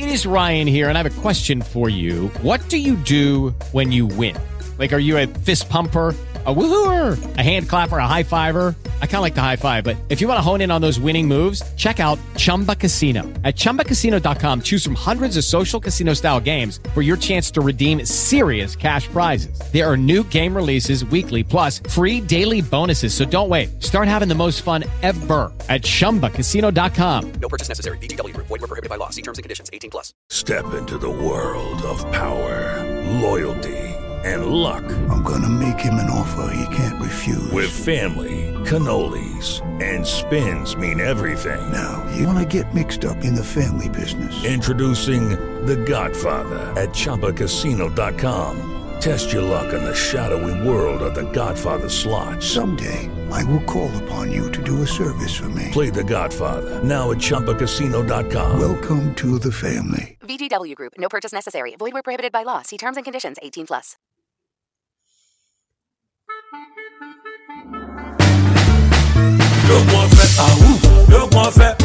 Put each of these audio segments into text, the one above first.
It is Ryan here, and I have a question for you. What do you do when you win? Like, are you a fist pumper? a woohooer, a hand clapper, a high fiver. I kind of like the high five, but if you want to hone in on those winning moves, check out Chumba Casino. At ChumbaCasino.com, choose from hundreds of social casino style games for your chance to redeem serious cash prizes. There are new game releases weekly, plus free daily bonuses. So don't wait. Start having the most fun ever at ChumbaCasino.com. No purchase necessary. BGW. Void were prohibited by law. See terms and conditions. 18 plus. Step into the world of power, loyalty and luck. I'm going to make him an offer he can't refuse. With family, cannolis, and spins mean everything. Now, you want to get mixed up in the family business. Introducing The Godfather at Choppacasino.com. Test your luck in the shadowy world of The Godfather slot. Someday. I will call upon you to do a service for me. Play the Godfather. Now at Chumpacasino.com. Welcome to the family. VGW Group. No purchase necessary. Void where prohibited by law. See terms and conditions 18 plus. Le bon fait, ah ouh, le bon fait.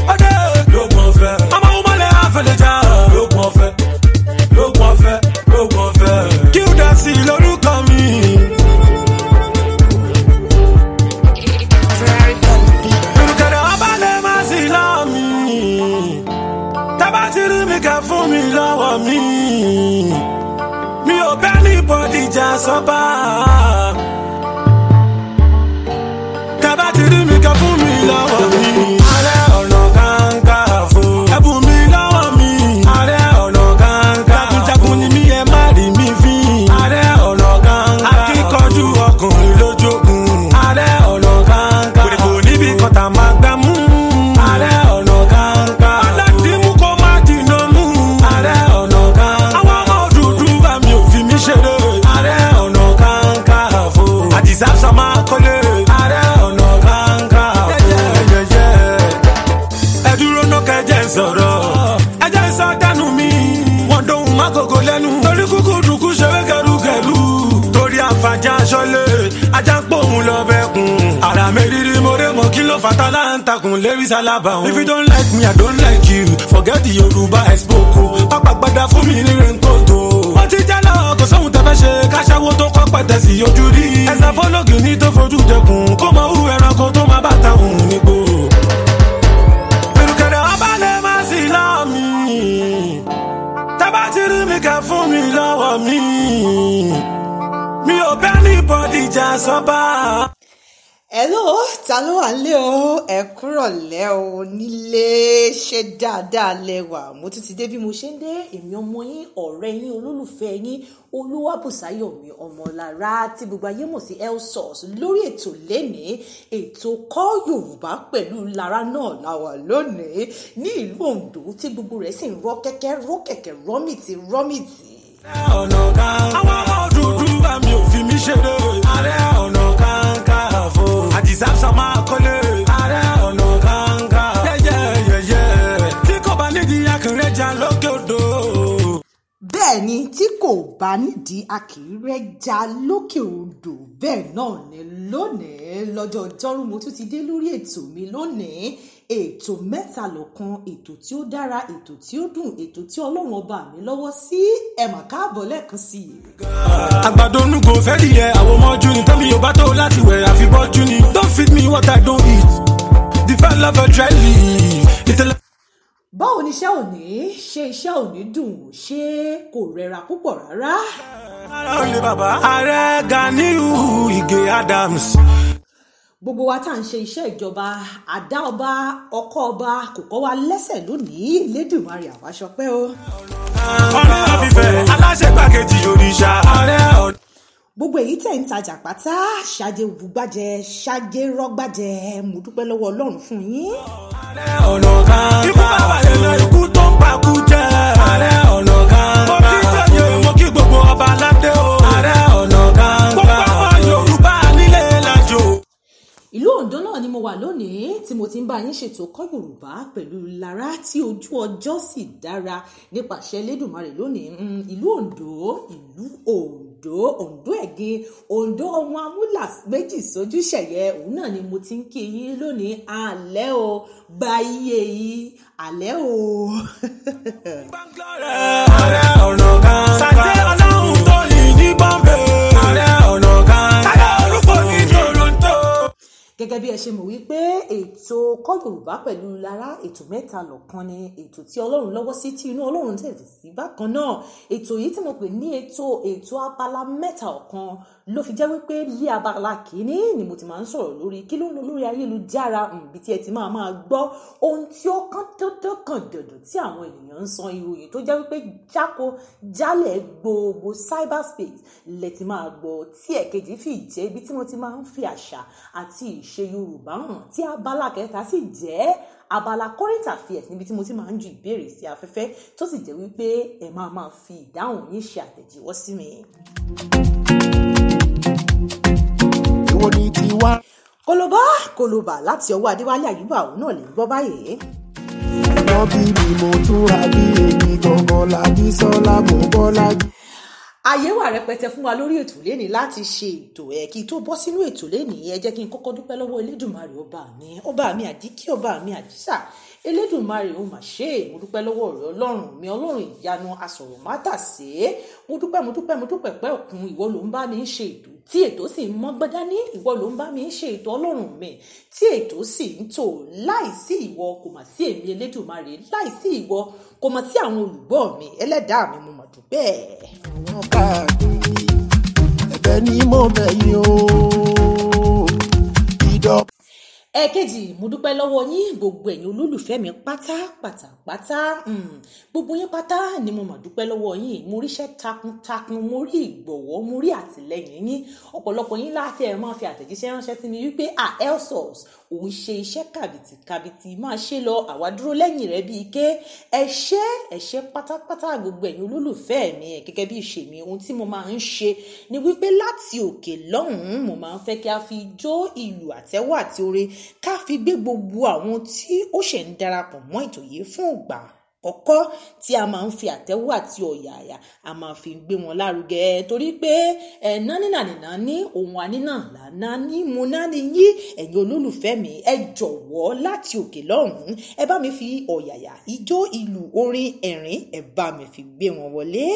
Fatala and Takun, Larry's Alaba. If you don't like me, I don't like you. Forget the Yoruba I spoke. Papa Bada fún mi ní Renkoto. Wọ́n ti jẹ́ náà kò sóhun tẹ́ fẹ́ ṣe. Káṣáwó tó kọ́ pẹ̀tẹ̀ sí ojú rí. Ẹ̀sà fọ́lọ́gì ní tó fojú jẹkùn. Kó mọ irú ẹranko tó máa bá ta òun nígbò. Ìrùkẹ̀rẹ̀ ọba lè má sí láàmì. Tábà ti rí mi kẹ́ fún mi lọ́wọ́ mi. Mi ò bẹ́ẹ̀ ní bọ́dì jà sọ́ba hello ta ló wà nílé o ẹ kúrọ̀lẹ́ o nílé ṣe dáadáa lẹ́wà mo tún ti dé bí mo ṣe ń dé èmi ọmọ yín ọ̀rẹ́ yín olólùfẹ́ yín olúwàbùsáyọ̀mí ọmọlára tí gbogbo ayé mọ̀ sí elsos lórí ètò lẹ́nìí ètò kọ́ yorùbá pẹ̀lú lára náà làwà lónìí ní ìlú ondo tí gbogbo rẹ̀ sì ń rọ́ kẹ́kẹ́ rọ́ kẹ̀kẹ́ rọ́mìtì rọ́mìtì. ọ̀nà kan àwọn ọmọ dúdú bá mi ò fi mí ṣeré ààrẹ ọ̀nà kan deserve some accolade. Ààrẹ ọ̀nà kanga. Yẹ́yẹ́yẹ́yẹ́. Tí kò bá nídìí akínrẹ́jà lókè odò. Bẹ́ẹ̀ni tí kò bá nídìí akínrẹ́jà lókè odò bẹ́ẹ̀ náà ni lónìí lọ́jọ́ ọjọ́rú mo tún ti dé lórí ètò mi lónìí ètò mẹ́ta lọ́kan ètò tí ó dára ètò tí ó dùn ètò tí ọlọ́run ọba mi lọ́wọ́ sí ẹ̀mà káàbọ̀ lẹ́ẹ̀kan sí i. àgbàdo onúgo fẹ́ẹ́lì yẹ àwọn ọmọ jù ní tẹ́mi bá tó láti wẹ̀ àfibọ́ jù don't feed me what I don't eat defend love and try live báwo ni iṣẹ́ òní ṣe iṣẹ́ òní dùn ṣé kò rẹra púpọ̀ rárá ààrẹ Ganiyu Ige Adams. gbogbo wa tá à ń ṣe iṣẹ́ ìjọba àdá ọba ọkọ ọba kò kọ́ wa lẹ́sẹ̀ lónìí Elédùmarè àwa ṣọpẹ́ o. ọ̀rẹ́ àfihàn aláṣẹ gbàkejì ààrẹ ọ̀dọ́ gbogbo èyí tẹ̀ ń tajà pátá ṣáájé òbúgbàjẹ ṣáájé rọ́gbàjẹ mo dúpẹ́ lọ́wọ́ ọlọ́run fún yín. ọ̀nà kan bá a fún ikú tó ń pa kú jẹ́. ìlú Oǹdó náà ni mo wà lónìí tí mo ti ń bá yín ṣètò kọ́ Yorùbá pẹ̀lú Lara tí ojú ọjọ́ sì dára nípasẹ̀ Elédùmarè lónìí hmm, ìlú Oǹdó ìlú Oǹdó Oǹdó ẹ̀gẹ́ Oǹdó ohun amúlà méjì sójú ṣẹ̀yẹ òun náà ni mo ti ń kí yín lónìí alẹ́ o gba iye yìí alẹ́ o. ọ̀rẹ́ ọ̀nà. gẹ́gẹ́ bí ẹ ṣe mọ̀ wípé ètò kọ́ yorùbá pẹ̀lú lára ètò mẹ́ta lọ́kan ni ètò tí ọlọ́run lọ́wọ́ sí tí inú ọlọ́run tẹ̀lé sí bákan náà ètò yìí tí mo pè ní ètò ètò abala mẹ́ta ọ̀kan ló fi jẹ́ wípé ní abala kìíní ni mo ti máa ń sọ̀rọ̀ lórí kí ló ń lọ lórí ayélujára ibi tí ẹ ti máa máa gbọ́ ohun tí ó kán dandan kan dandan tí àwọn ènìyàn ń san ìròyìn tó jẹ́ wípé jáko jálẹ̀ gbogbo cyberspace lẹ ti máa gbọ́ tí ẹ̀kejì fi jẹ́ ibi tí mo ti máa ń fi àṣà àti ìṣ ìṣe yorùbá hàn tí abala kẹta sì jẹ́ abala current affairs níbi tí mo ti máa ń ju ìbéèrè sí afẹ́fẹ́ tó sì jẹ́ wípé ẹ máa máa fi ìdáhùn yín ṣe àtẹ̀jíwọ́ sí mi. èwo ni tiwa. kólóbá kólóbá láti ọwọ́ adéwálé àyùbá òun náà lè ń báyìí wọ́n bí mi mo túra bí èmi gangan làbí sọ́lá mo bọ́lá jù àyè wà rẹpẹtẹ fún wa lórí ètò lénìí láti ṣe ètò ẹ kí tó bọ́ sínú ètò lénìí ẹ jẹ́ kí n kọ́kọ́ dúpẹ́ lọ́wọ́ Elédùmarè ọba mi ọba mi àdíkí ọba mi àdísà elédùnmarè ó mà ṣe é mo dúpẹ́ lọ́wọ́ rẹ ọlọ́run mi ọlọ́run ìyanu asọ̀rọ̀ mátàsé mo dúpẹ́ mo dúpẹ́ mo dúpẹ́ pẹ́ òkun ìwọ ló ń bá mi ṣe ètò tí ètò sì ń mọ́ gbọ́dá ní ìwọ ló ń bá mi ṣe ètò ọlọ́run mi tí ètò sì ń tò láìsí ìwọ kò mà sí èmi elédùnmarè láìsí ìwọ kò mà sí àwọn olùgbọ́ mi ẹlẹ́dàá mi mo mà dúpẹ́. àwọn káàkiri ẹ̀bẹ̀ ni mo bẹ̀ o ìdọ̀ ẹ̀ẹ́kejì mo dúpẹ́ lọ́wọ́ yín gbogbo ẹ̀yin olólùfẹ́ mi pátápátá pátá hmm, gbogbo yín pátá ni mo mà dúpẹ́ lọ́wọ́ yín mo ríṣẹ́ takuntakun mo rí ìgbọ̀wọ́ mo rí àtìlẹ́yìn yín ọ̀pọ̀lọpọ̀ yín láti ẹ̀ máa fi àtẹ̀jíṣẹ́ ránṣẹ́ sí mi wípé à elsos ò ń ṣe iṣẹ́ kàbìtì kàbìtì máa ṣe lọ àwa dúró lẹ́yìn rẹ bíi ké ẹṣẹ́ ẹṣẹ́ pátápátá gbogbo ẹ̀yin olólùfẹ́ mi ẹ̀ gẹ́gẹ́ bí ìṣe mi ohun tí mo máa ń ṣe ni wípé láti òkè lọ́hùn-ún mo máa ń fẹ́ kí a fi jó ìlù àtẹ́wọ́ àti orin ká fi gbé gbogbo àwọn tí ó ṣẹ̀ ń darapọ̀ mọ́ ètò fún ìgbà àkọ́kọ́ tí a máa ń fi àtẹ́wọ́ àti ọ̀yàyà a máa fi gbé wọn lárugẹ torí pé ẹ nánínàníná ní ohun ànínàlá nání mo nání yí ẹ̀yin olólùfẹ́ mi ẹ jọ̀wọ́ láti òkè lọ́hùn-ún ẹ bá mi fi ọ̀yàyà ijó ìlú orin ẹ̀rín ẹ bá mi fi gbé wọn wọlé.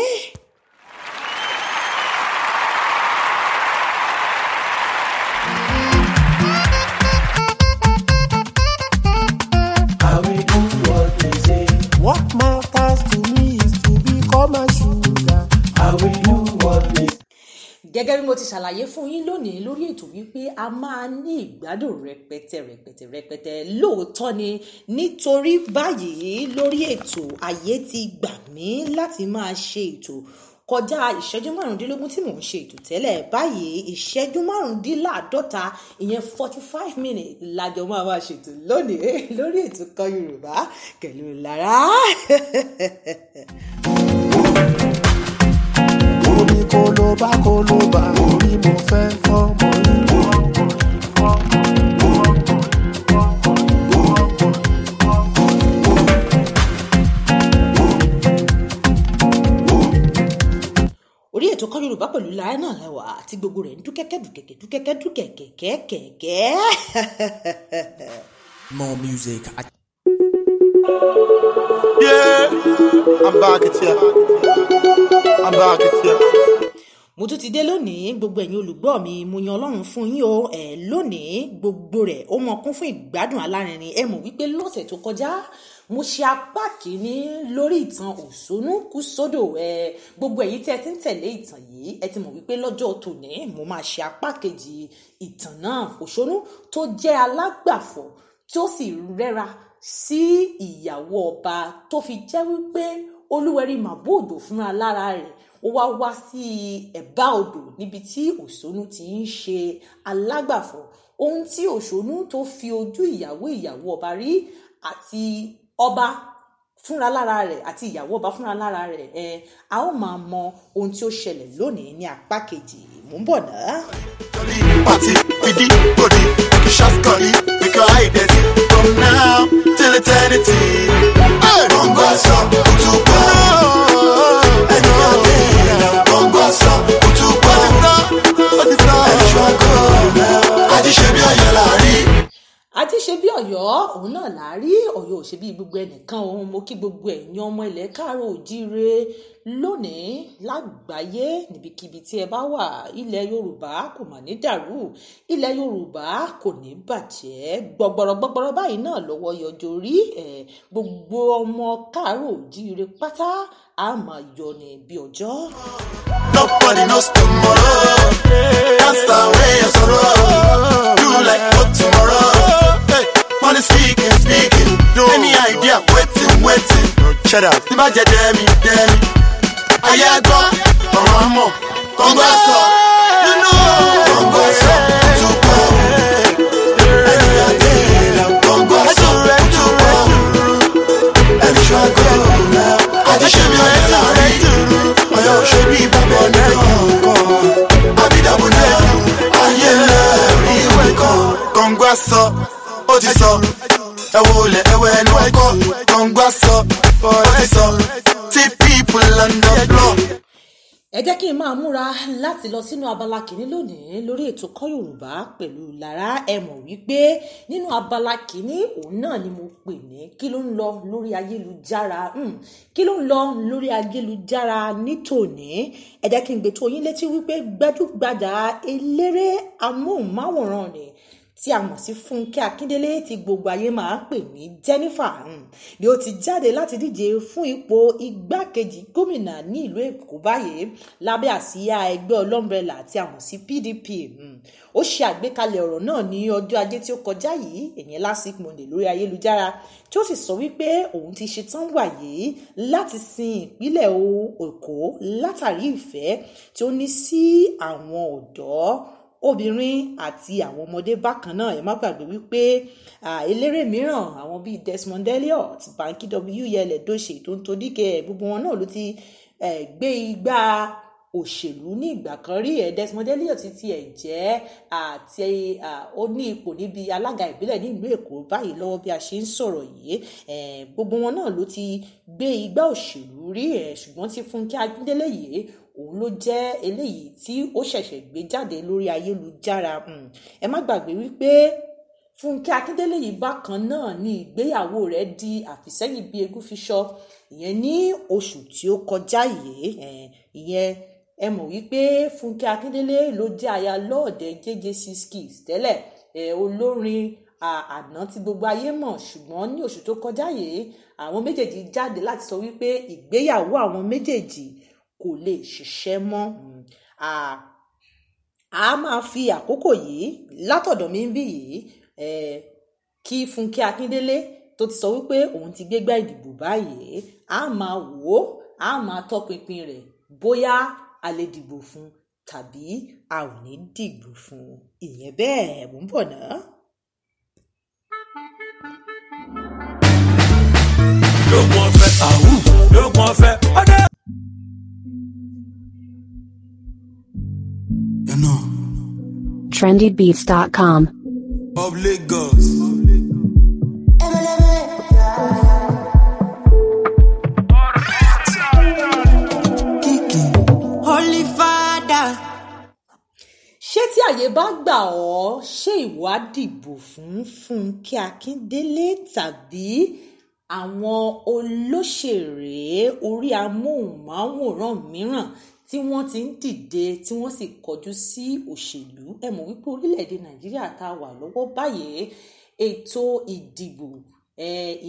gẹ́gẹ́ bí mo ti ṣàlàyé fún yín lónìí lórí ètò wípé a máa ní ìgbádùn rẹpẹtẹ rẹpẹtẹ rẹpẹtẹ lóòótọ́ ni nítorí báyìí lórí ètò ayé ti gbà mí láti máa ṣe ètò kọjá ìṣẹ́jú márùndínlógún tí mò ń ṣe ètò tẹ́lẹ̀ báyìí ìṣẹ́jú márùndínláàdọ́ta ìyẹn forty five minutes lájọ máa máa ṣètò lónìí lórí ètò kan Yorùbá pẹ̀lú Lára. kólóbá kólóbá mo fẹ́ fọ́mọ yìí. orí ètò kọ́ yorùbá pẹ̀lú láìnà lẹ́wà àti gbogbo rẹ̀ ń dúkẹ́kẹ́ dúkẹ́kẹ́ dúkẹ́kẹ́ dúkẹ́kẹ́ kẹ́kẹ́. more music. yeah i'm back at ya i'm back at ya. mo tún ti dé lónìí gbogbo ẹ̀yin olùgbọ́ mi mo yan ọlọ́run fún yín o ẹ̀ lónìí gbogbo rẹ̀ ó mọ kún fún ìgbádùn alárinrin ẹ mọ̀ wípé lọ́sẹ̀ tó kọjá mo ṣe apá kìíní lórí ìtàn òṣónú kú sódò ẹ gbogbo èyí tí ẹ ti ń tẹ̀lé ìtàn yìí ẹ ti mọ̀ wípé lọ́jọ́ tòní mo máa ṣe apá kejì ìtàn náà òṣónú tó jẹ́ alágbàfọ̀ tí ó sì rẹ́ra sí ìyàwó ọba tó fi jẹ́ wípé olúwẹ̀rí màbúdò fúnra lára rẹ̀ ó wá wá sí ẹ̀bá odò níbi tí òṣónú ti ń ṣe alágbàfọ̀ ohun tí òṣónú tó fi ojú ìyàwó ìyàwó ọba rí àti ọba fúnra lára rẹ̀ àti ìyàwó ọba fúnra lára rẹ̀ ẹ a ó máa mọ ohun tí ó ṣẹlẹ̀ lónìí ní apá kejì mò ń bọ̀ náà. pàtí fìdí gbòdì ṣàkànní bíkọ́ àìdẹ́tì from now till eternity. ṣe bí ọ̀yọ́ òun náà là á rí ọ̀yọ́ ò ṣe bí gbogbo ẹnìkan òun mo kí gbogbo ẹ̀yin ọmọ ilẹ̀ káàárọ̀ òjíire lónìí lágbàáyé níbikíbi tí ẹ bá wà ilẹ̀ yorùbá kò mà ní dàrú ilẹ̀ yorùbá kò ní bàjẹ́ gbọgbọrọ gbọgbọrọ báyìí náà lọ́wọ́ yọjọ rí ẹ̀ gbogbo ọmọ káàárọ̀ òjíire pátá a máa yọ ní bí ọjọ́. nobody knows tomorrow that's the way you sorrow you like what tomorrow money speaking, speaking. Yo. Any idea? Waiting, waiting. Shut up. The budget jẹ dẹ́mi, dẹ́mi. Ayé àgbọ̀, ọ̀rọ̀ àmọ̀, kọ́ngbà sọ. Nínú kọ́ngbà sọ, tó kọ́. Ẹni àdé ìlà kọ́ngbà sọ, tó kọ́. Ẹni ṣọ́ àgọ́ ìlà. Àjọṣe mi ọ̀yẹ́ láàrin ìdúró. Ọ̀yọ́ ṣe bí bàbá ọ̀nà kan. Àbídàbò náà, ó ti sọ ẹwọ olẹ ẹwọ ẹni wọn kọ kọngbà sọ ó ti sọ tí people on the block. ẹ jẹ́ kí n máa múra láti lọ sínú abala kìíní lónìí lórí ètò kọ́ Yorùbá pẹ̀lú Lára ẹ mọ̀ wípé nínú abala kìíní òun náà ni mo pè ní kí ló ń lọ lórí ayélujára hmm, kí ló ń lọ lórí ayélujára ní tòní ẹ jẹ́ kí n gbé yín létí wípé gbẹ́dúgbàjà eléré amóhùnmáwòrán ni tí a mọ̀ sí Fúnkẹ́ Akíndélé tí gbogbo ayé máa pè ní Jennifer hmm, ni ó ti jáde láti díje fún ipò igbákejì gómìnà ní ìlú Èkó báyìí lábẹ́ àsíá ẹgbẹ́ ọlọ́mbrẹ́là tí a mọ̀ sí PDP hmm. ó ṣe àgbékalẹ̀ ọ̀rọ̀ náà ní ọjọ́ ajé tí ó kọjá yìí ìyẹn last Monday lórí ayélujára tí ó sì sọ wípé òun ti ṣetán wàyé láti sin ìpínlẹ̀ Èkó látàrí ìfẹ́ tí ó ní sí àwọn ọ̀dọ́ obìnrin àti àwọn ọmọdé bákan náà ẹ má gbàgbé wípé eléré mìíràn àwọn bíi Desmond Elliot Banky W.L. Edochie Tonto Dike gbogbo wọn náà ló ti gbé igbá òṣèlú ní ìgbà kan rí ẹ Desmond Elliot ti tiẹ̀ jẹ́ àti ó ní ipò níbi alága ìbílẹ̀ ní ìlú Èkó báyìí lọ́wọ́ bí a ṣe ń sọ̀rọ̀ yìí gbogbo wọn náà ló ti gbé igbá òṣèlú rí ẹ ṣùgbọ́n ti Fúnkẹ́ Akíndélé yìí òun ló jẹ́ eléyìí tí ó ṣẹ̀ṣẹ̀ gbé jáde lórí ayélujára hmm. ẹ má gbàgbé wípé Fúnkẹ́ Akíndélé yìí bákan náà ni ìgbéyàwó rẹ̀ di àfìsẹ́yìn bíi egún fi sọ ìyẹn ní oṣù tí ó kọjá yìí ìyẹn ẹ mọ̀ wípé Fúnkẹ́ Akíndélé ló jẹ́ aya lọ́ọ̀dẹ̀ JJ Skills tẹ́lẹ̀ olórin àná tí gbogbo ayé mọ̀ ṣùgbọ́n ní oṣù tó kọjá yìí àwọn méjèèjì jáde láti sọ wípé ìgbéyàwó àwọn méjèèjì kò lè ṣiṣẹ́ mọ́ a máa fi àkókò yìí látọ̀dọ̀ mi ń bì yìí kí Fúnkẹ́ Akíndélé tó ti sọ wípé òun ti gbégbá ìdìbò báyìí a máa wò ó a máa tọpinpin rẹ̀ bóyá a lè dìbò fún tàbí a ò ní dìbò fún ìyẹn bẹ́ẹ̀ mò ń bọ̀ náà. lóògùn ọ̀fẹ́ àwù lóògùn ọ̀fẹ́ trendybeats.com. Of Lagos. ṣé tí àyè bá gbà ọ́ ṣé ìwà dìbò fún Fúnkẹ́ Akíndélé tàbí àwọn olóṣèré orí amóhùnmáwòrán mìíràn tí wọ́n ti ń dìde tí wọ́n sì kọjú sí òṣèlú ẹ mọ̀ wípé orílẹ̀-èdè nàìjíríà tá a wà lọ́wọ́ báyìí ètò ìdìbò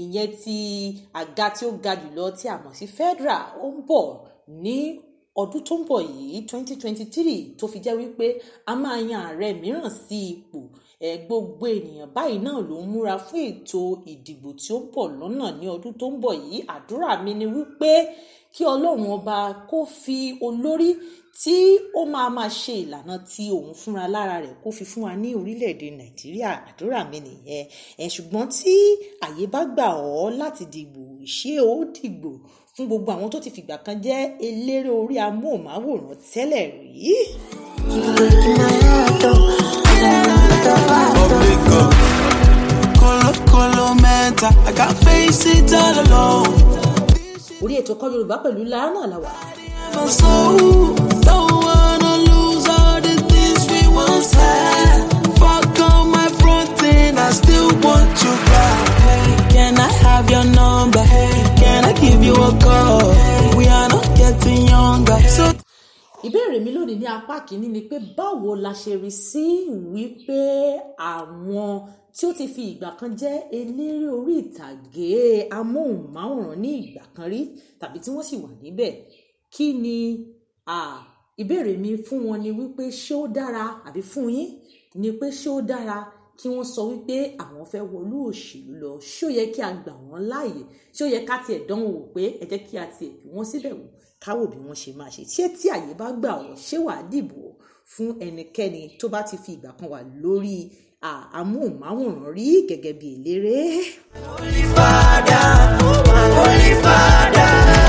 ìyẹn ti àga tí ó ga jùlọ tí a mọ̀ sí federal ó ń bọ̀ ní ọdún tó ń bọ̀ yìí twenty twenty three tó fi jẹ́ wípé a máa yan ààrẹ mìíràn sí ipò gbogbo ènìyàn báyìí náà ló ń múra fún ètò ìdìbò tí ó ń bọ̀ lọ́nà ní ọdún tó ń bọ̀ yìí àdúrà mi ni wípé kí ọlọ́run ọba kó fi olórí tí ó máa máa ṣe ìlànà tí òun fúnra lára rẹ̀ kó fi fún wa ní orílẹ̀-èdè nàìjíríà àdúrà mi nìyẹn ẹ̀ ṣùgbọ́n tí àyè bá gbà ọ́ láti dìgbò ṣé ó dìgbò fún gbogbo àwọn tó ti fìgbà kan jẹ́ eléré orí amóhùnmáwòrán tẹ́lẹ̀ rí. Color, color, mental. I can't face it all alone orí ètò Kọ́ Yorùbá pẹ̀lú Lárá la wà. Can I have your number? Can I give you a call? We are not getting younger. So ìbéèrè mi lónìí ní apá kìíní ni pé báwo la ṣe rí sí wípé àwọn tí ó ti fi ìgbà kan jẹ́ eléré orí ìtàgé amóhùnmáwòrán ní ìgbà kan rí tàbí tí wọ́n sì wà níbẹ̀ kí ni ìbéèrè mi fún wọn ni wípé ṣé ó dára àbí fún yín ni pé ṣé ó dára kí wọ́n sọ wípé àwọn fẹ́ wọlú òṣèlú lọ ṣó yẹ kí a gbà wọ́n láàyè ṣó yẹ ká tiẹ̀ dánwò wò pé ẹ jẹ́ kí a tiẹ̀ fi wọ́n síbẹ̀ wò káwò bí wọ́n ṣe máa ṣe ṣé tí àyè bá gbà wọ́n ṣé wàá dìbò fún ẹnikẹ́ni tó bá ti fi ìgbà kan wà lórí àmúhùnmáwòrán rí gẹ́gẹ́ bí eléré. Holy Father, Holy Father.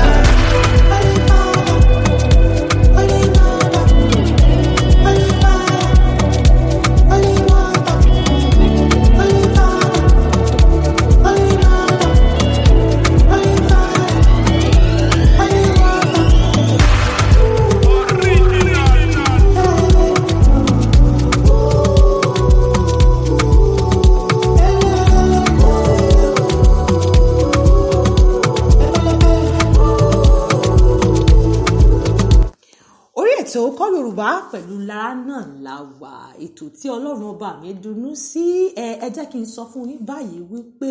ètò tí ọlọ́run ọba mi dùnnú sí ẹ jẹ́ kí n sọ fún yín báyìí wípé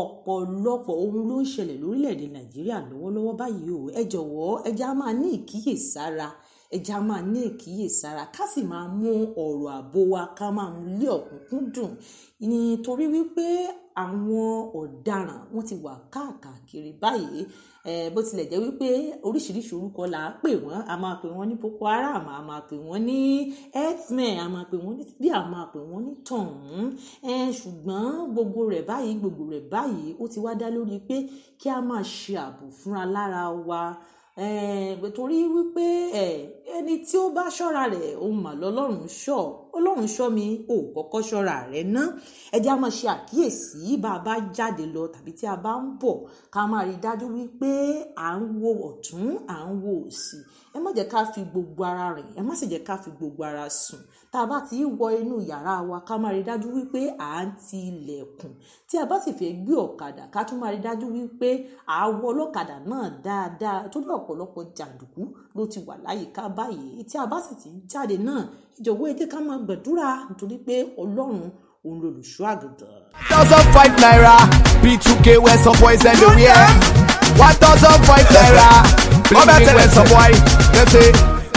ọ̀pọ̀lọpọ̀ ohun ló ń ṣẹlẹ̀ lórílẹ̀‐èdè nàìjíríà lọ́wọ́lọ́wọ́ báyìí o ẹ jọ̀wọ́ ẹ jẹ́ á máa ní ìkíyèsára ẹ jẹ́ á máa ní ìkíyèsára ká sì máa mú ọ̀rọ̀ àbò wa ká máa mú lé ọ̀kúnkúndùn nítorí wípé àwọn ọ̀daràn wọ́n ti wà káàkiri báyìí bó tilẹ̀ jẹ́ wípé oríṣiríṣi orúkọ là á pè wọ́n a máa pè wọ́n ní boko haram a máa pè wọ́n ní herdsmen a máa pè wọ́n ní bí a máa pè wọ́n ní tọ̀hún ṣùgbọ́n gbogbo rẹ̀ báyìí gbogbo rẹ̀ báyìí ó ti wá dá lórí pé kí a máa ṣe ààbò fúnra lára wa torí wípé ẹni tí ó bá ṣọ́ra rẹ̀ òun mà lọ́lọ́run ṣọ́ọ̀ ọlọ́run ṣọ́ mi ò kọ́kọ́ ṣọ́ra rẹ̀ ná ẹ jẹ́ a máa ṣe àkíyèsí bá a bá jáde lọ tàbí tí a bá ń bọ̀ ká máa rí i dájú wípé à ń wo ọ̀tún à ń wo òsì ẹ má jẹ́ ká fi gbogbo ara rìn ẹ má sì jẹ́ ká fi gbogbo ara sùn tá a bá ti wọ inú yàrá wa ká má rí dájú wípé à ń ti ilẹ̀kùn tí a bá sì fẹ́ gbé ọ̀kadà ká tún má rí dájú wípé à á wọ ọlọ́kadà náà dáadáa torí ọ̀pọ̀lọpọ̀ jàǹdùkú ló ti wà láyìíká báyìí tí a bá sì ti jáde náà ìjọ̀wọ́ ẹ ká máa gbàdúrà nítorí pé ọlọ́run òun lolùṣọ́ àgùntàn. thousand five naira b two k were some boys everywhere. What 1005 naira ọbẹ̀ tẹ̀lẹ̀ sọ boy dem say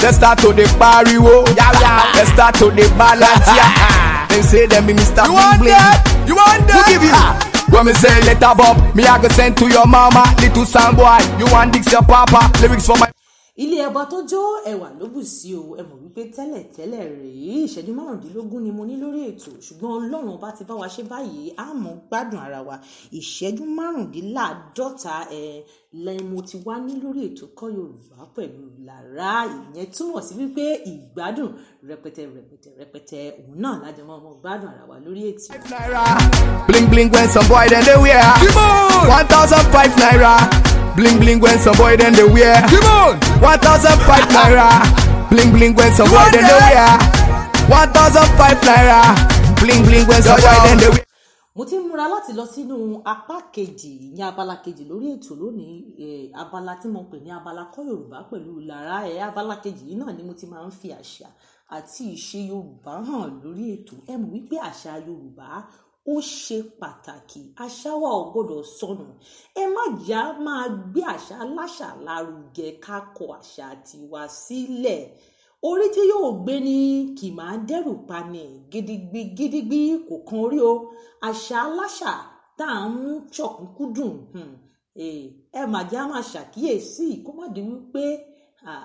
let's start to the oh. yeah. Let's start to dey yeah. Ah. They say them be mr bling bling you want that? who give you. Ah. When me say later Bob, me I go send to your mama Little son boy, you want dicks your papa Lyrics for my ẹ̀bà tó jó ẹ̀wà ló bù sí o ẹ mọ̀ wípé tẹ́lẹ̀ tẹ́lẹ̀ rèé ìṣẹ́jú márùndínlógún ni mo ní lórí ètò ṣùgbọ́n ọlọ́run bá ti bá wa ṣe báyìí a mọ̀ gbádùn ara wa ìṣẹ́jú márùndínláàdọ́ta ẹ̀ lẹ́yìn mo ti wá ní lórí ètò kọ́ yorùbá pẹ̀lú lára ìyẹn túmọ̀ sí wípé ìgbádùn rẹpẹtẹ rẹpẹtẹ rẹpẹtẹ òun náà lájọ mọ́ ọmọ gbádùn ara wa lórí ètò. bling bling when some boy dem dey wear one thousand five naira bling bling when some boy dem dey wear one thousand. 1005 naira bling bling when some boy dem dey wear 1005 naira bling bling when some boy dem dey wear. mo ti ń múra láti lọ sínú apá kejì ìyẹn abala kejì lórí ètò lónìí abala tí mo pè ní abala kọ́ yorùbá pẹ̀lú lára ẹ̀ abala kejì yìí náà ni mo ti máa ń fi àṣà àti ìṣe yorùbá hàn lórí ètò ẹ mọ̀ wípé àṣà yorùbá ó ṣe pàtàkì àṣà wa ò gbọdọ̀ sọnù ẹ má jà máa gbé àṣà aláṣà lárugẹ ká kọ àṣà tiwa sílẹ̀ orí tí yóò gbé ní kì máa dẹ́rù pani gidigbi gidigbi kò kan orí o àṣà aláṣà tá à ń mú ṣọ̀kúnkúdùn hmm, eh, ẹ má jà máa ṣàkíyèsí kó má di wípé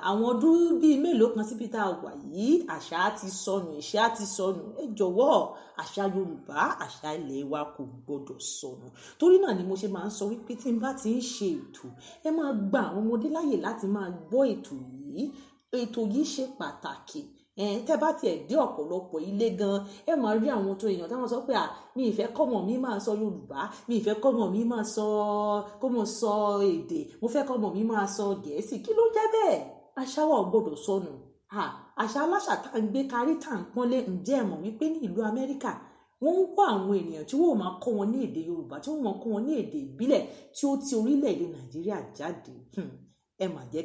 àwọn ọdún bíi mélòó kan síbi tá a wà yìí àṣà ti sọnù ìṣe ti sọnù ẹ jọ̀wọ́ àṣà yorùbá àṣà ilẹ̀ wa kò gbọdọ̀ sọnù torí náà ni mo ṣe máa ń sọ wípé tí n bá ti ń ṣe ètò ẹ máa gba àwọn ọmọdé láàyè láti máa gbọ́ ètò yìí ètò yìí ṣe pàtàkì ẹ̀ẹ́n tẹ́ bá tiẹ̀ dé ọ̀pọ̀lọpọ̀ ilé gan ẹ máa rí àwọn tó èèyàn táwọn sọ pé à mi ìfẹ́ kọ́mọ mi máa sọ Yorùbá mi ìfẹ́ kọ́mọ mi máa sọ kọ́mọ sọ èdè mo fẹ́ kọ́mọ mi máa sọ Gẹ̀ẹ́sì kí ló jẹ́ bẹ́ẹ̀ àṣà wa ò gbọdọ̀ sọnù àṣà aláṣà tá à ń gbé kárí tá à ń pọ́nlé ǹjẹ́ ẹ̀ mọ̀ wípé ní ìlú Amẹ́ríkà wọ́n ń kọ́ àwọn ènìyàn tí wọ́n máa kọ́ wọn ní èdè Yorùbá tí wọ́n máa kọ́ wọn ní èdè ìbílẹ̀ tí ó ti orílẹ̀ Nàìjíríà jáde. Hmm ẹ mà jẹ́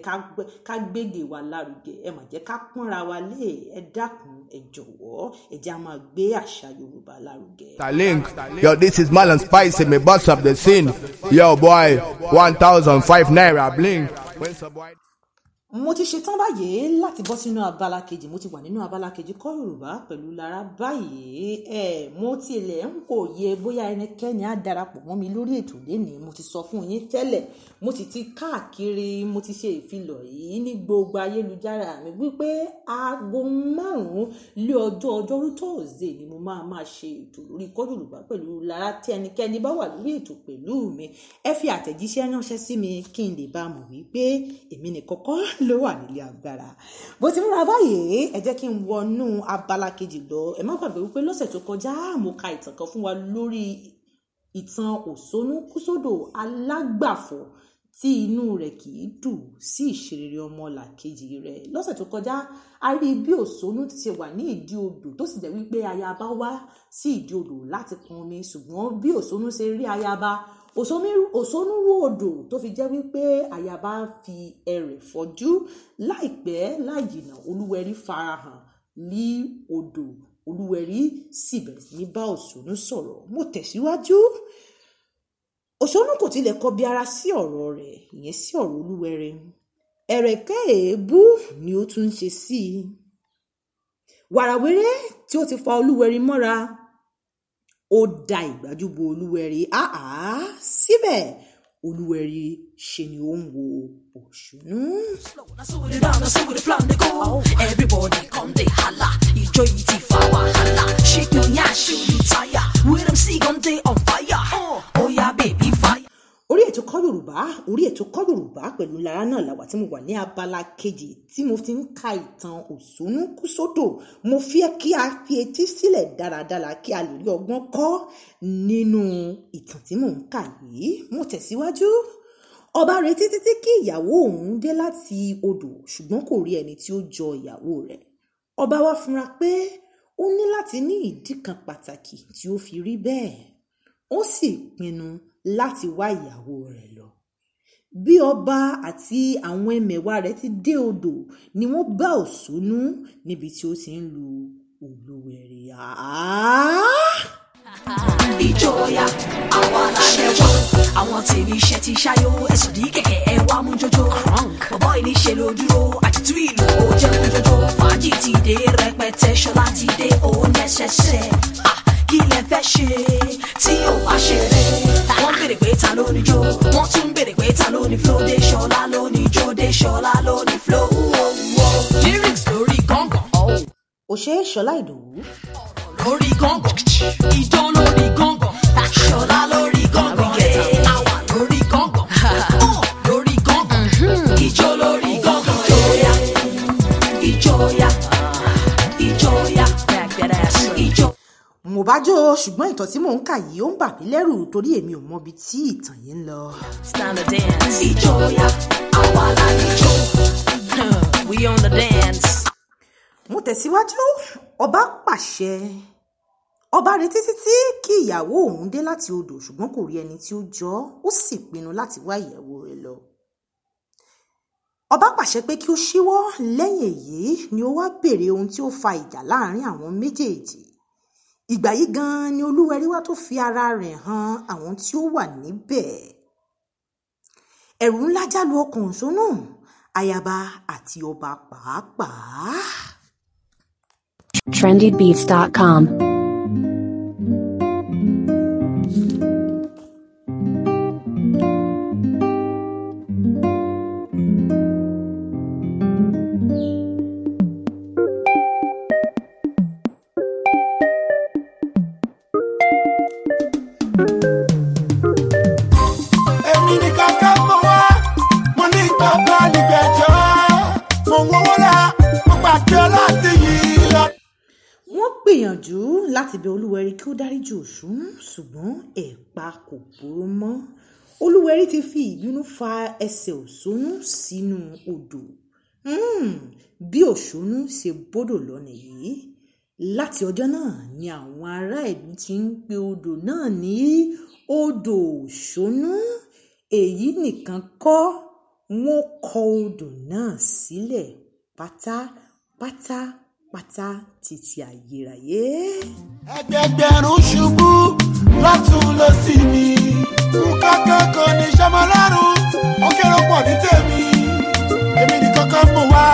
ká gbédè wa lárugẹ ẹ mà jẹ́ ká pọ́nra wa lé ẹ dákun ẹ jọ̀wọ́ ẹ jẹ́ a máa gbé àṣà Yorùbá lárugẹ. Starlink yo this is Marlon Spice me boss of the scene yo boy one thousand five naira blink mo ti ṣetán báyìí láti bọ́ sínú abala kejì mo ti wà nínú abala kejì kọ́ yorùbá pẹ̀lú Lara báyìí ẹ mo tilẹ̀ ń kò yẹ bóyá ẹnikẹ́ni á darapọ̀ mọ́ mi lórí ètò lẹ́nìí mo ti sọ fún yín tẹ́lẹ̀ mo ti ti káàkiri mo ti ṣe ìfilọ̀ yìí ní gbogbo ayélujára mi wípé aago márùn-ún lé ọjọ́ ọjọ́rú tóòzè ni mo máa máa ṣe ètò lórí kọ́ yorùbá pẹ̀lú Lara tí ẹnikẹ́ni bá wà lórí ètò pẹ̀lú mi ẹ fi àtẹ̀jíṣẹ́ ránṣẹ́ sí mi kí n lè bá mọ̀ wípé èmi nìkọ́kọ́ ló wà nílé agbára bó ti múra báyìí ẹ jẹ́ kí n wọnú abala kejì lọ ẹ má gbàgbé wípé lọ́sẹ̀ tó kọjá mo ka ìtàn kan fún wa lórí ìtàn òṣónú kúsódò alágbàfọ̀ tí inú rẹ̀ kì í dùn sí ìṣerere ọmọ làkejì rẹ̀ lọ́sẹ̀ tó kọjá a rí bí òṣónú ti ṣe wà ní ìdí odò tó sì jẹ́ wípé ayaba wá sí ìdí odò láti pọn omi ṣùgbọ́n bí òṣónú ṣe rí ayaba òṣónúrú odò tó fi jẹ́ wípé àyàbá ń fi ẹrẹ̀ fọ́jú láìpẹ́ láìjìnà olúwẹ̀rí farahàn ní odò olúwẹ̀rí sì bẹ̀rẹ̀ sí ní bá òṣónú sọ̀rọ̀ mo tẹ̀síwájú òṣónú kò tilẹ̀ kọbi ara sí ọ̀rọ̀ rẹ̀ ìyẹn sí ọ̀rọ̀ olúwẹ̀rẹ̀ ẹ̀rẹ̀kẹ́ èébú ni ó tún ṣe sí i wàràwéré tí ó ti fa olúwẹ̀rí mọ́ra ó da ìgbájú bo olúwẹ̀rí àá síbẹ̀ olúwẹ̀rí ṣe ni ó ń wo òṣùnú. everybody come dey orí ètò kọ́ yorùbá orí ètò kọ́ yorùbá pẹ̀lú lára náà làwà tí mo wà ní abala kejì tí mo ti ń ka ìtàn òṣónú kú sódò mo fẹ́ kí a fi etí sílẹ̀ dáradára kí a lè rí ọgbọ́n kọ́ nínú ìtàn tí mò ń kà yìí mo tẹ̀síwájú ọba retí títí kí ìyàwó òun dé láti odò ṣùgbọ́n kò rí ẹni tí ó jọ ìyàwó rẹ̀ ọba wa fúnra pé ó ní láti ní ìdí kan pàtàkì tí ó fi rí bẹ́ẹ̀ ó sì pinnu láti wá ìyàwó rẹ̀ lọ bí ọba àti àwọn ẹmẹ̀wà rẹ̀ ti dé odò ni wọ́n bá Òṣónú níbi tí ó ti ń lu olúwẹ̀rì ìjọya àwọn aláṣẹwọ àwọn tèmi iṣẹ́ ti ṣáyó ẹ̀sùn ní kẹ̀kẹ́ ẹ wá mú jọjọ bọbọ ìníṣẹ ló dúró àtútù ìlú ó jẹ mú jọjọ fàájì ti dé rẹpẹtẹ ṣọlá ti dé òun ẹsẹsẹ kí lẹ fẹ́ ṣe tí ò bá ṣeré. ta ló ní jó wọ́n tún béèrè pé ta ló ní flow dé ṣọlá ló ní jó dé ṣọlá ló ní flow. lyrics lórí gángan. òṣèré ṣọlá ìdòwú. ọ̀rọ̀ lórí gángan ìjọ lórí gángan ṣọlá lórí. mo bá jó ṣùgbọ́n ìtàn tí mò ń kà yìí ó ń bà mí lẹ́rù torí èmi ò mọbi tí ìtàn yìí ń lọ. we on the dance. mo tẹ̀síwájú ọba pàṣẹ ọba retí títí kí ìyàwó òun dé láti odò ṣùgbọ́n kò rí ẹni tí ó jọ ó sì pinnu láti wá ìyàwó rẹ̀ lọ ọba pàṣẹ pé kí ó ṣíwọ́ lẹ́yìn èyí ni ó wá béèrè ohun tí ó fa ìjà láàrin àwọn méjèèjì ìgbà yìí gan-an ni olúwẹ̀rí tó fi ara rẹ̀ han àwọn tí ó wà níbẹ̀ ẹ̀rù ńlá jálu ọkàn òṣó ayaba àti ọba pàápàá. trendybeats.com foríjì ọ̀ṣun ṣùgbọ́n ẹ̀pà kò pòóró mọ́ olúwẹ̀rí ti fi ìbínú fa ẹsẹ̀ òṣónú sínú odò hmm, bí òṣónú ṣe bọ́dọ̀ lọ́nà yìí láti ọjọ́ náà ni àwọn ará ìlú ti ń pe odò náà ní odò òṣónú èyí nìkan kọ́ wọ́n kọ odò náà sílẹ̀ pátápátá pátá títí àyèràyè. ẹgbẹgbẹ̀rún ṣubú lọ́tún ló sì ní nǹkan kan ní sọmọlọ́run ó kéré pọ̀ ní tèmi èmi nìkan kan mú wa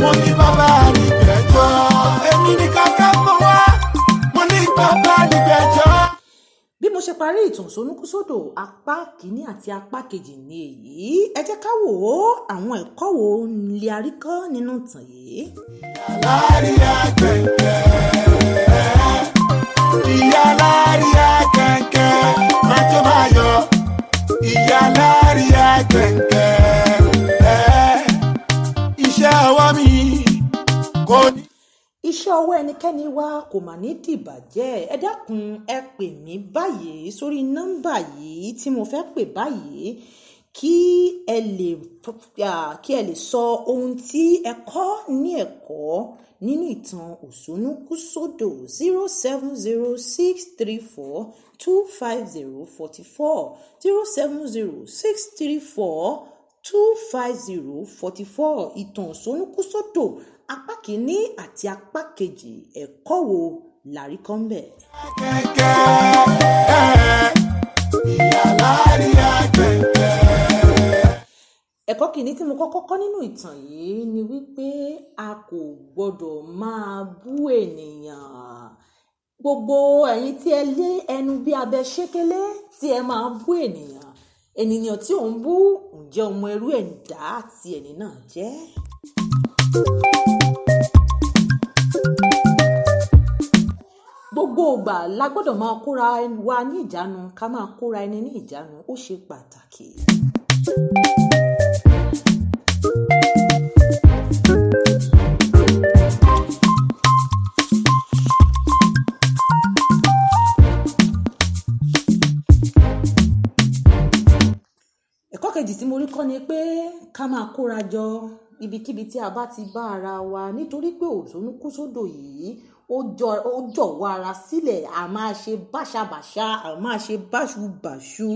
mo ní bàbá. ṣe parí ìtàn sónúkúsódò apá kìíní àti apá kejì ní èyí ẹ jẹ́ ká wò ó àwọn ẹ̀kọ́ wo lè a nínú ìtàn yìí. alárí àkànkẹ́ ìyá alárí àkànkẹ́ májọ́máyọ́ ìyá alárí àkànkẹ́ iṣẹ́ ọwọ́ mi kò ní iṣẹ́ ọwọ́ ẹnikẹ́ni wa kò mà ní dìbàjẹ́ ẹ dákun ẹ pè mí báyìí sórí nọ́mbà yìí tí mo fẹ́ pè báyìí kí ẹ lè kí ẹ lè sọ ohun tí ẹ kọ́ ní ẹ̀kọ́ nínú ìtàn òṣónúkúsódò zero seven zero six three four two five zero forty four zero seven zero six three four two five zero forty four ìtàn òṣónúkúsódò apá kìíní àti apá kejì ẹ̀kọ́ wo làrí kọ́ ń bẹ̀. kẹ̀kẹ́ ìyàlárí àkẹ́kẹ́. ẹ̀kọ́ kìíní tí mo kọ́kọ́ kọ́ nínú ìtàn yìí ni wípé a kò gbọ́dọ̀ máa bú ènìyàn gbogbo ẹ̀yin tí ẹ lé ẹnu bí abẹ ṣékélé tí ẹ máa bú ènìyàn ènìyàn tí ò bú ǹjẹ́ ọmọ ẹrú ẹ̀ dá tí ẹni náà jẹ́. thank you gbogbo ìgbà la gbọ́dọ̀ máa kóra wa ní ìjánu ká máa kóra ẹni ní ìjánu ó ṣe pàtàkì. ẹ̀kọ́ kejì tí mo rí kọ́ ni pé ká máa kóra jọ ibikíbi tí a bá ti bá ara wa nítorí pé òtún kú sódò yìí ó jọ̀wọ́ ara sílẹ̀ a máa ṣe báṣabàṣá a máa ṣe báṣubàṣu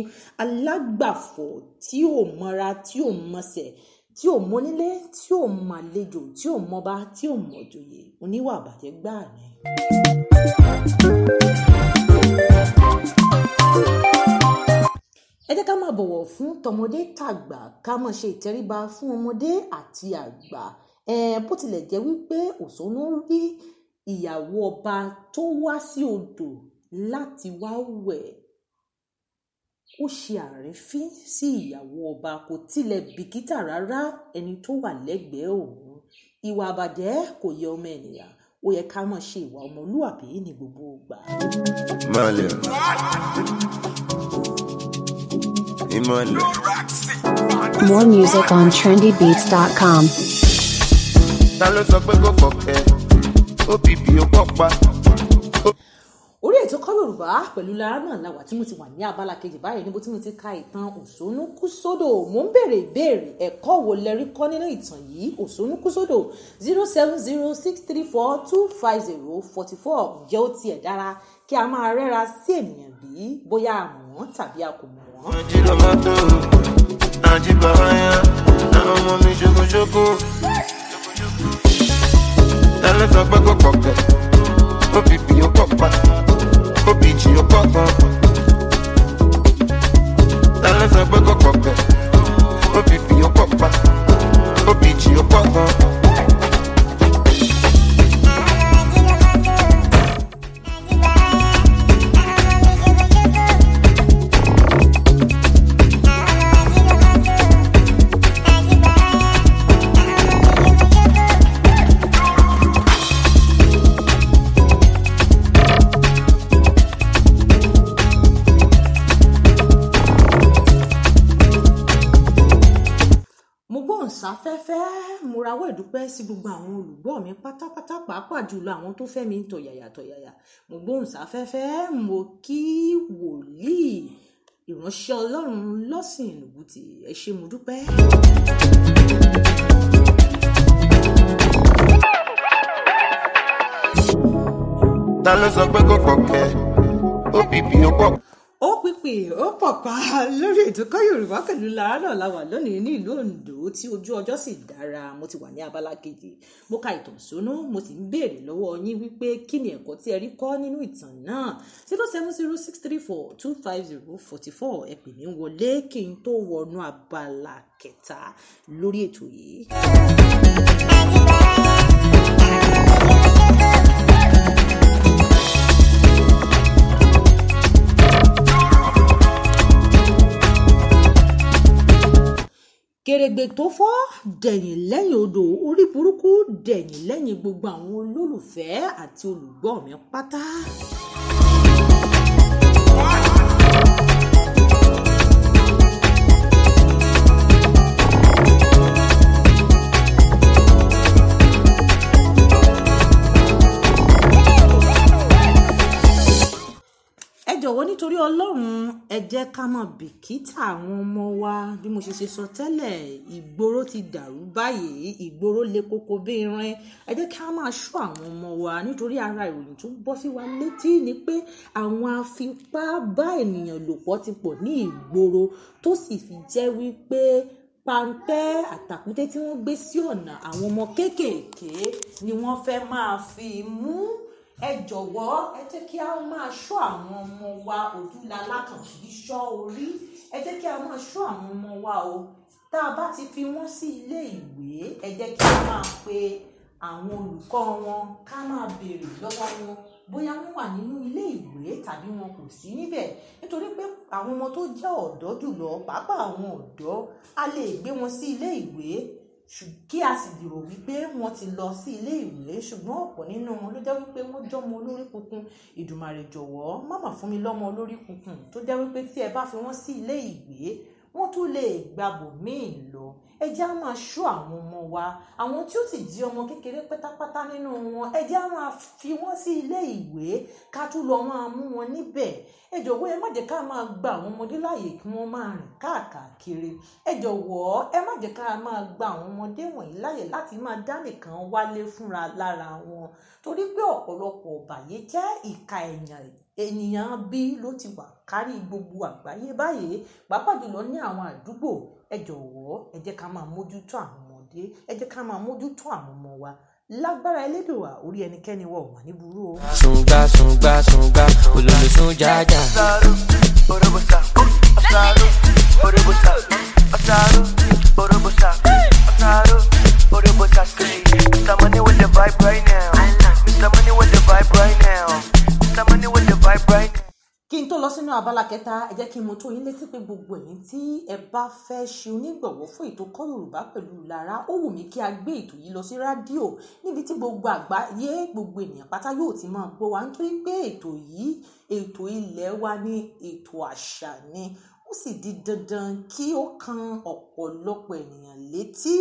alágbàfọ̀ tí ò mọra tí ò mọsẹ̀ tí ò mọnílé tí ò màlejò tí ò mọba tí ò mọ̀jòyè oníwà àbàjẹ́ gbáà ni. ẹ jẹ́ ká máa bọ̀wọ̀ fún tọmọdé tàgbà ká máa ṣe ìtẹríba fún ọmọdé àti àgbà bó tilẹ̀ jẹ́ wípé òṣónú rí ìyàwó ọba tó wá sí odò láti wá wẹ̀ ó ṣe àrífín sí ìyàwó ọba kò tilẹ̀ bìkítà rárá ẹni tó wà lẹ́gbẹ̀ẹ́ òun ìwà àbàjẹ́ kò yẹ ọmọ ènìyàn ó yẹ ká máa ṣe ìwà ọmọlúwàbí ní gbogbo ìgbà. ìmọ̀lẹ̀ ìmọ̀lẹ̀. More music on trendybeats.com. ta ló sọ pé kò fọkẹ́ òbíbi òpọ̀pá. orí ètò kọ́ yorùbá pẹ̀lú Larana làwà tí mo ti wà ní abala kejì báyìí níbo tí mo ti ka ìtàn òṣónú kú sódò mò ń béèrè ìbéèrè ẹ̀kọ́ wo lẹ́rí kọ́ nínú ìtàn yìí òṣónú zero seven zero six three four two five zero forty four ǹjẹ́ ó tiẹ̀ dára kí a máa rẹ́ra sí ènìyàn bí bóyá a mọ̀ wọ́n tàbí a kò mọ̀ wọ́n. àjí lọ́mọ àwọn ọmọ mi ṣokoṣoko. Ana sọgbọ́n kò pọ̀ pẹ̀, òbíbi yóò pọ̀ pa, òbíjì yóò pọ̀ pọ̀. Ana sọgbọ́n kò pọ̀ pẹ̀, òbíbi yóò pọ̀ pa, òbíjì yóò pọ̀ pọ̀. sí gbogbo àwọn olùgbọ́ mi pátápátá pàápàá jùlọ àwọn tó fẹ́ mi ń tọ̀yàyà tọ̀yàyà mo gbóhùn sáfẹ́fẹ́ mo kí wòlíì ìránṣẹ́ ọlọ́run lọ́sìn Ìnùbùtì ẹ ṣé mo dúpẹ́. ta ló sọ pé kò pọ̀ kẹ́ òbí bí ó pọ̀ ó pípé ó pọ̀pá lórí ètòkọ́ yorùbá pẹ̀lú Lárá la wà lónìí ní ìlú Ondo tí ojú ọjọ́ sì dára mo ti wà ní abala kejì mo ka ìtàn sónú mo sì ń béèrè lọ́wọ́ yín wípé kí ni ẹ̀kọ́ tí ẹ rí kọ́ nínú ìtàn náà zero seven zero six three four two five zero forty four ẹ pè mí wọlé kí n tó wọnú abala kẹta lórí ètò yìí. kèrègbè tó fọ́ dẹ̀yìn lẹ́yìn odò orí burúkú dẹ̀yìn lẹ́yìn gbogbo àwọn olólùfẹ́ àti olùgbọ́ mi pátá. nítorí ọlọ́run ẹ jẹ́ ká má bìkítà àwọn ọmọ wa bí mo ṣe ṣe sọ tẹ́lẹ̀ ìgboro ti dàrú báyìí ìgboro le koko bí irin ẹ jẹ́ ká máa ṣọ́ àwọn ọmọ wa nítorí ara ìròyìn tó bọ́ sí wa létí ni pé àwọn afipá bá ènìyàn lò pọ̀ ti pọ̀ ní ìgboro tó sì fi jẹ́ wípé pàǹtẹ́ àtàkùté tí wọ́n gbé sí ọ̀nà àwọn ọmọ kéékèèké ni wọ́n fẹ́ máa fi mú ẹ jọ̀wọ́ ẹ jẹ́ kí a máa ṣọ́ àwọn ọmọ wa òdúlà lákàtúntì ṣọ́ orí ẹ jẹ́ kí a máa ṣọ́ àwọn ọmọ wa o tá a bá ti fi wọ́n sí ilé ìwé ẹ jẹ́ kí a máa pe àwọn olùkọ́ wọn ká máa béèrè lọ́wọ́ wọn bóyá wọ́n wà nínú ilé ìwé tàbí wọn kò sí níbẹ̀ nítorí pé àwọn ọmọ tó jẹ́ ọ̀dọ́ jùlọ pàápàá àwọn ọ̀dọ́ a lè gbé wọn sí ilé ìwé kí a sì dìrò wípé wọ́n ti lọ sí ilé ìwé ṣùgbọ́n ọ̀pọ̀ nínú wọn ló jẹ́ wípé wọ́n jọmọ olórí kunkun ìdùmàrè jọ̀wọ́ máma fún mi lọ́mọ olórí kunkun tó jẹ́ wípé tí ẹ bá fi wọ́n sí ilé ìwé wọ́n tún lè gbàbò míì lọ ẹ jẹ́ á máa ṣọ́ àwọn ọmọ wa àwọn tí ó sì di ọmọ kékeré pátápátá nínú wọn ẹ jẹ́ á máa fi wọ́n sí ilé ìwé ká tún lọ máa mú wọn níbẹ̀ ẹ jọ̀wọ́ ẹ má jẹ́ ká máa gba àwọn ọmọdé láàyè kí wọ́n máa rìn káàkiri ẹ jọ̀wọ́ ẹ má jẹ́ ká máa gba àwọn ọmọdé wọ̀nyí láàyè láti máa dá nìkan wálé fúnra lára wọn torí pé ọ̀pọ̀lọpọ̀ ọ̀bàyé jẹ́ ìka ẹ̀yàn ènìyàn bí ló ti wà kárí gbogbo àgbáyé báyìí pàápàá jùlọ ní àwọn àdúgbò ẹ jọ̀wọ́ ẹ jẹ́ ká máa mójútó àwọn ọmọdé ẹ jẹ́ ká máa mójútó àwọn ọmọ wa lágbára elédùnwà orí ẹnikẹ́ni wọ̀ wà ní burú o. sùngbà sùngbà sùngbà olùlùsùn jájà. orobosa ọ̀sàrò orobosa ọ̀sàrò orobosa ọ̀sàrò orobosa sí. Mr. Money with the vibe right now. Mr. Money with the vibe right now. Mr. Money with the vibe right now. kí n tó lọ sínú abala kẹta ẹ jẹ́ kí n mú tó yín létí pé gbogbo ẹ̀yin tí ẹ bá fẹ́ ṣe onígbọ̀wọ́ fún ètò Kọ́ Yorùbá pẹ̀lú Lára ó wù mí kí a gbé ètò yìí lọ sí rádíò níbi tí gbogbo àgbáyé gbogbo ènìyàn pátá yóò ti máa gbọ́ wa nítorí pé ètò yìí ètò ilẹ̀ wa ní ètò àṣà ni ó sì di dandan kí ó kan ọ̀pọ̀lọpọ̀ ènìyàn létí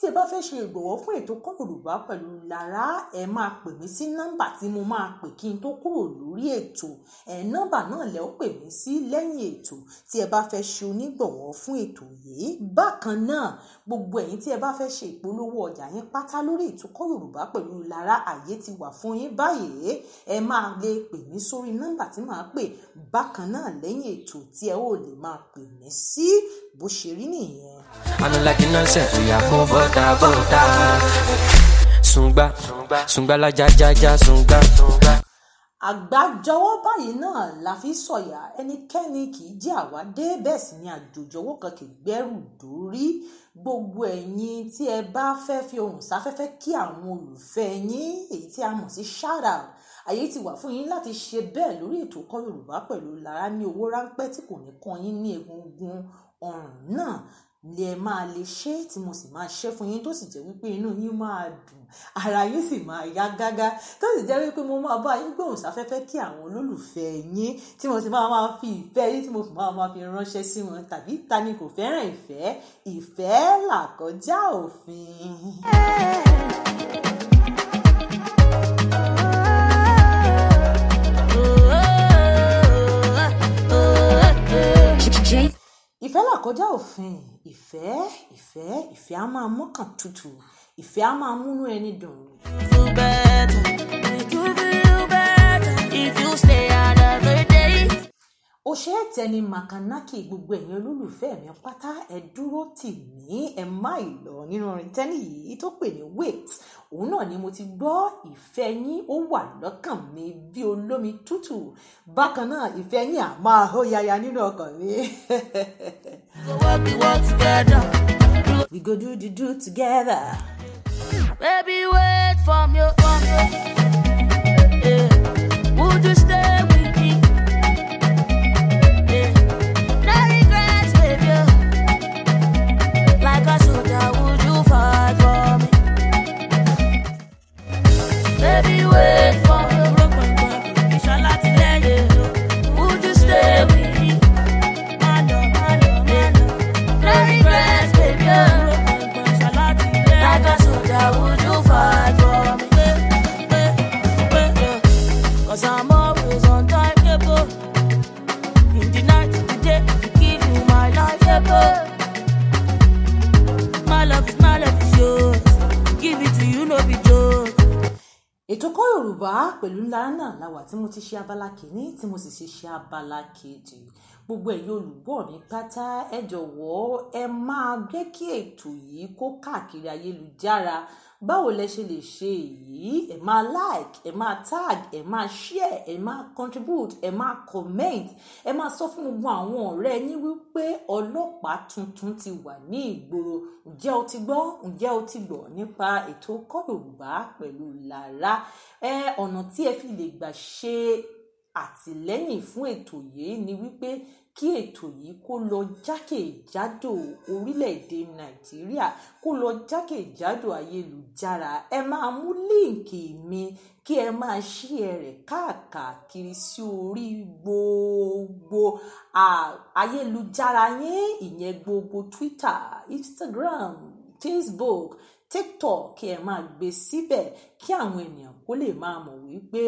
tí ẹ bá fẹ́ ṣe ìgbọ̀wọ́ fún ètò kọ́ Yorùbá pẹ̀lú Lára ẹ máa pè mí sí nọ́mbà tí mo máa pè kí n tó kúrò lórí ètò ẹ nọ́mbà náà lẹ ó pè mí sí lẹ́yìn ètò tí ẹ bá fẹ́ ṣe onígbọ̀wọ́ fún ètò yìí bákan náà gbogbo ẹ̀yin tí ẹ bá fẹ́ ṣe ìpolówó ọjà yín pátá lórí ètò kọ́ Yorùbá pẹ̀lú Lára àyè ti wà fún yín báyìí ẹ máa lè pè mí sórí nọ́mbà tí màá pè bákan náà lẹ́yìn ètò tí ẹ ó lè máa pè mí sí bó ṣe rí nìyẹn I know like innocent, we are cool, but I, but I. Sungba, sungba la ja ja sungba, sungba. Àgbájọwọ́ báyìí náà la fi sọ̀yà ẹnikẹ́ni kì í jẹ́ àwa dé bẹ́ẹ̀ sì ni àjòjọwọ́ kan kì í gbẹ́rù dórí gbogbo ẹ̀yin tí ẹ bá fẹ́ fi ohùn sáfẹ́fẹ́ kí àwọn olùfẹ́ yín èyí tí a mọ̀ sí shout out àyè ti wà fún yín láti ṣe bẹ́ẹ̀ lórí ètò Kọ́ Yorùbá pẹ̀lú Lára ní owó ráńpẹ́ tí kò ní kan yín ní egungun ọ̀ràn náà lè máa lè ṣe tí mo sì máa ṣe fún yín tó sì jẹ́ wípé inú yín máa dùn ara yín sì máa yá gágá tó sì jẹ́ wípé mo máa bá yín gbóhùn sáfẹ́fẹ́ kí àwọn olólùfẹ́ yín tí mo sì máa máa fi ìfẹ́ yín tí mo máa máa fi ránṣẹ́ sí wọn tàbí ta ni kò fẹ́ràn ìfẹ́ ìfẹ́ làkọjá òfin ìfẹ́ là kọjá òfin ìfẹ́ ìfẹ́ ìfẹ́ a máa mọ́kàn tutù ìfẹ́ a máa múnú ẹni dùn. ṣe é tẹni màkànákì gbogbo ẹ̀yin olólùfẹ́ mi pátá ẹ dúró tì mí ẹ má ìlọ nínú orin tẹ́nì yìí tó pè ní wait òun náà ni mo ti gbọ́ ìfẹ́ yín ó wà lọ́kàn mi bí olómi tútù bákan náà ìfẹ́ yín á máa hó yaya nínú ọkàn mi. we go do the do together. baby wait for me. Oh, for me. worth yorùbá pẹ̀lú ńlá náà la wà tí mo ti ṣe abala kìíní tí mo sì ṣe ṣe abala kejì gbogbo ẹ̀yin olùgbọ́ mi pátá ẹ jọ̀wọ́ ẹ máa jẹ́ kí ètò yìí kó káàkiri ayélujára báwo lẹ ṣe lè ṣe èyí ẹ máa like ẹ máa tag ẹ máa share ẹ máa contribute ẹ máa comment ẹ máa sọ fún gbogbo àwọn ọ̀rẹ́ yín wípé ọlọ́pàá tuntun ti wà ní ìgboro ǹjẹ́ o ti gbọ́ ǹjẹ́ o ti gbọ́ nípa ètò kọ́ Yorùbá pẹ̀lú Lára ẹ ọ̀nà tí ẹ fi lè gbà ṣe àtìlẹ́yìn fún ètò yìí ni wípé kí ètò yìí kó lọ jákèjádò orílẹ̀-èdè nàìjíríà kó lọ jákèjádò ayélujára ẹ máa mú líǹkì mi kí ẹ máa ṣí ẹ rẹ̀ káàkiri sí orí gbogbo ayélujára yín ìyẹn gbogbo twitter instagram facebook tiktok kí ẹ máa gbé síbẹ̀ kí àwọn ènìyàn kó lè máa mọ̀ wípé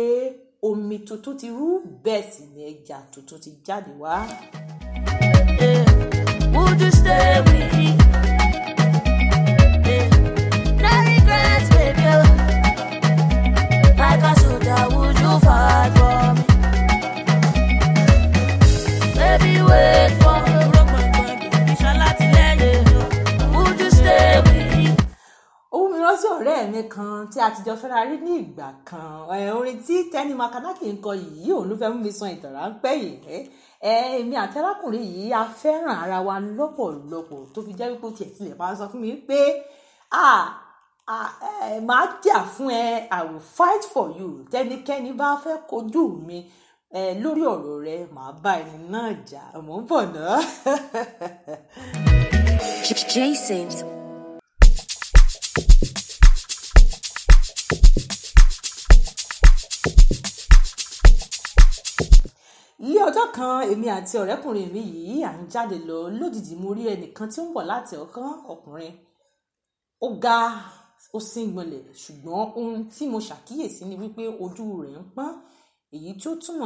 omi tuntun ti rú bẹ́ẹ̀ sì ni ẹja tuntun ti jáde wá. jọ rí ní ìgbà kan orin tí Tẹ́ni Makanaki ń kọ yìí òun ló fẹ́ mú mi sọ ìtàn ráńpẹ́ yìí èmi àti arákùnrin yìí a fẹ́ràn ara wa lọ́pọ̀lọpọ̀ tó fi jẹ́ wípé tiẹ̀ tilẹ̀ máa sọ fún mi pé màá jà fún ẹ I will fight for you tẹnikẹ́ni bá fẹ́ kojú mi lórí ọ̀rọ̀ rẹ màá bá ẹni náà jà mò ń bọ̀ náà. ọjọ́ kan èmi àti ọ̀rẹ́kùnrin mi yìí à ń jáde lọ lójijì mo rí ẹnìkan tí ó ń bọ̀ láti ọ̀kan ọkùnrin ó ga ó síngbọnlẹ̀ ṣùgbọ́n ohun tí mo ṣàkíyèsí ni wípé ojú rẹ̀ ń pọ́n èyí tó túmọ̀